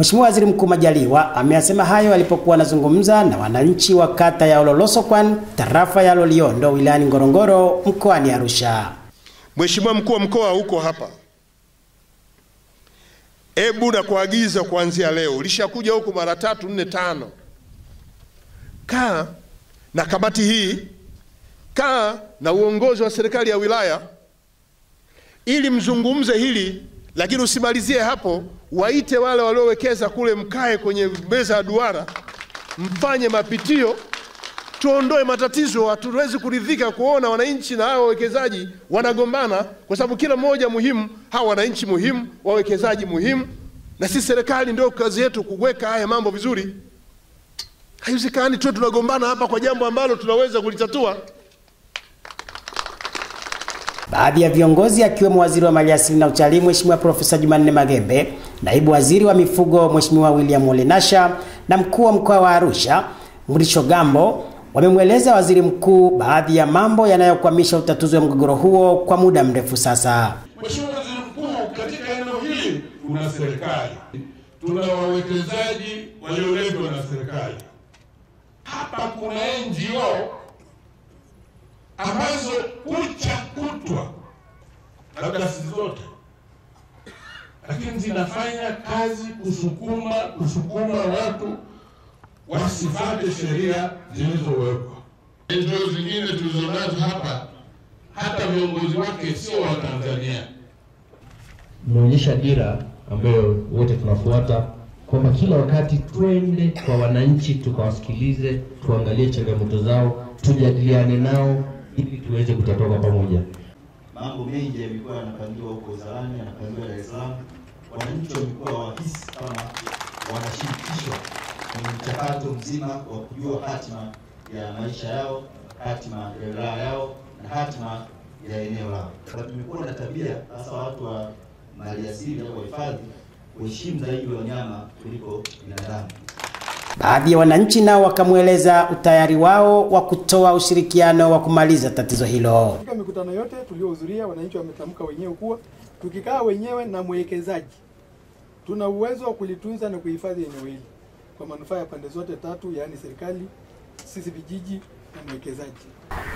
Mheshimiwa Waziri Mkuu Majaliwa ameyasema hayo alipokuwa anazungumza na wananchi wa kata ya Ololosokwan, tarafa ya Loliondo, wilayani Ngorongoro, mkoani Arusha. Mheshimiwa mkuu wa mkoa huko hapa, ebu na kuagiza kuanzia leo, ulishakuja huku mara tatu nne tano, kaa na kamati hii, kaa na uongozi wa serikali ya wilaya ili mzungumze hili, lakini usimalizie hapo waite wale waliowekeza kule, mkae kwenye meza ya duara, mfanye mapitio, tuondoe matatizo. Hatuwezi kuridhika kuona wananchi na hawa wawekezaji wanagombana, kwa sababu kila mmoja muhimu, hawa wananchi muhimu, wawekezaji muhimu, na sisi serikali ndio kazi yetu kuweka haya mambo vizuri. Haiwezekani tuwe tunagombana hapa kwa jambo ambalo tunaweza kulitatua. Baadhi ya viongozi akiwemo waziri wa maliasili na utalii Mheshimiwa Profesa Jumanne Magembe, naibu waziri wa mifugo Mheshimiwa William Olenasha na mkuu wa mkoa wa Arusha Mrisho Gambo wamemweleza waziri mkuu baadhi ya mambo yanayokwamisha utatuzi wa mgogoro huo kwa muda mrefu sasa. Mheshimiwa Waziri Mkuu, katika eneo hili kuna serikali, tuna wawekezaji walioletwa na serikali, hapa kuna NGO ambazo kucha kutwa, labda si zote, lakini zinafanya kazi kusukuma kusukuma watu wasifate sheria zilizowekwa. Njoo zingine tulizonazo hapa, hata viongozi wake sio Watanzania. Mmeonyesha dira ambayo wote tunafuata kwamba kila wakati twende kwa wananchi, tukawasikilize, tuangalie changamoto zao, tujadiliane nao ili tuweze kutatoka pamoja. Mambo mengi yamekuwa yanapangiwa huko zalani yanapangiwa Dar es Salaam. Wananchi wamekuwa wahisi kama wanashirikishwa kwenye mchakato mzima wa kujua hatima ya maisha yao, hatima ya wilaya yao na hatima ya eneo lao. Kwa tumekuwa na tabia hasa watu wa maliasili au wahifadhi kuheshimu zaidi wanyama kuliko binadamu. Baadhi ya wananchi nao wakamweleza utayari wao wa kutoa ushirikiano wa kumaliza tatizo hilo. Katika mikutano yote tuliyohudhuria, wananchi wametamka wenyewe kuwa tukikaa wenyewe na mwekezaji, tuna uwezo wa kulitunza na kuhifadhi eneo hili kwa manufaa ya pande zote tatu, yaani serikali, sisi vijiji na mwekezaji.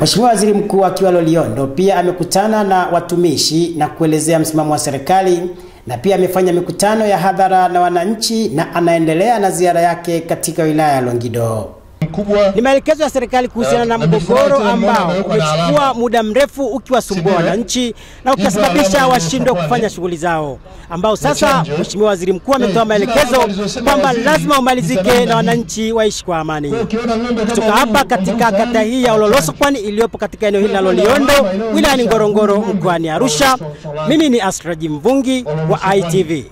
Mheshimiwa Waziri Mkuu akiwa Loliondo pia amekutana na watumishi na kuelezea msimamo wa serikali na pia amefanya mikutano ya hadhara na wananchi na anaendelea na ziara yake katika wilaya ya Longido mkubwa. Ni maelekezo ya serikali kuhusiana eh, na mgogoro ambao umechukua muda mrefu ukiwasumbua wananchi na ukiwasababisha washindwe kufanya shughuli zao, ambao sasa Mheshimiwa Waziri Mkuu eh, ametoa maelekezo kwamba lazima umalizike na wananchi waishi kwa amani. Kutoka hapa katika kata hii ya Ololoso kwani iliyopo katika eneo hili la Loliondo wilayani Ngorongoro mkoani Arusha, mimi ni Asraji Mvungi wa ITV.